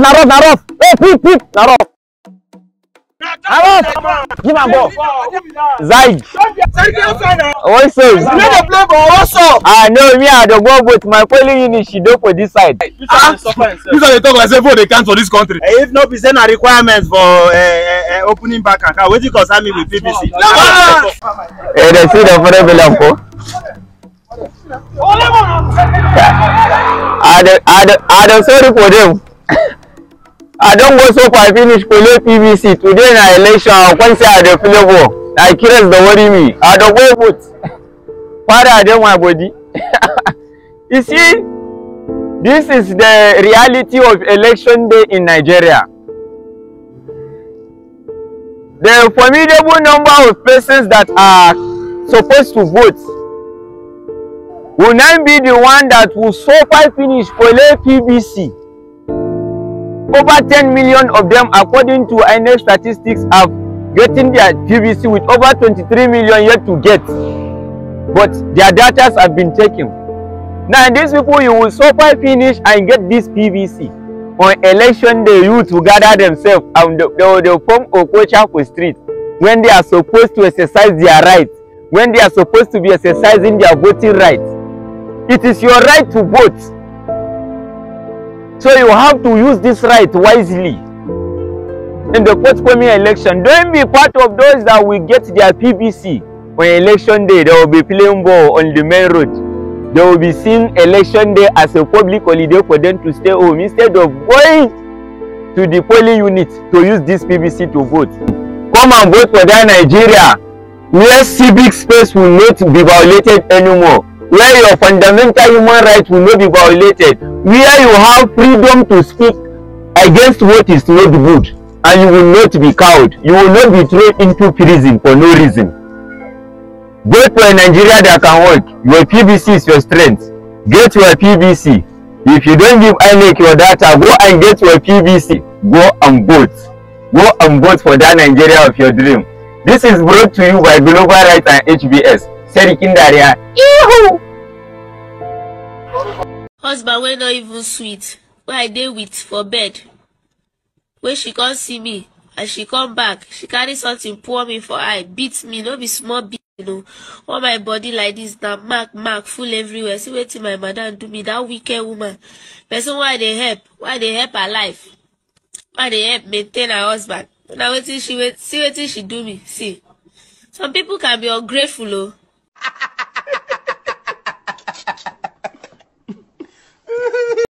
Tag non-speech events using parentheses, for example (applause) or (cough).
rough, now rough, now rough. Hey, peep, peep, now rough. Now rough. Give him a ball. Zaid. What he says? You know the play ball also. I know me, I don't go with my polling in she do for this side. These are the talk like say for they can for this country. Hey, eh, if no be say na requirement for uh, uh, uh, opening back account, you concern me with PPC. No, no, no. Hey, they see the foreign of and for. I don't, I don't, I don't sorry for them. (laughs) i don't go so far finish kole pvc today na election i come say i dey flavour na kirel dey worry me i don't go vote I don't my body (laughs) you see this is the reality of election day in nigeria the formidable number of persons that are supposed to vote will now be the one that will so far finish kole pvc over 10 million of them, according to INEC statistics, have getting their PVC with over 23 million yet to get. But their data have been taken. Now, these people, you will suffer finish and get this PVC. On election day, youth will gather themselves and they will, they will form Okocha for street when they are supposed to exercise their rights, when they are supposed to be exercising their voting rights. It is your right to vote So you have to use this right wisely. In the forthcoming election, don't be part of those that will get their PBC on election day. They will be playing ball on the main road. They will be seeing election day as a public holiday for them to stay home instead of going to the polling unit to use this PBC to vote. Come and vote for that Nigeria where civic space will not be violated anymore, where your fundamental human rights will not be violated, where you have freedom to speak against what is not good and you will not be cowed you will not be thrown into prison for no reason go to a nigeria that can work your pbc is your strength get your pbc if you don give inec your data go and get your pbc go and vote go and vote for that nigeria of your dream this is brought to you by global rights and hbs serikin daria ihu husband wey no even sweet wey i dey with for bed wey she come see me as she come back she carry something pour me for eye beat me no be small beat you know all my body like this na mark mark full everywhere see wetin my madam do me that wicked woman person wey i dey help wey i dey help her life wey i dey help maintain her husband na wetin she see wetin she do me see some people can be ungrateful o oh.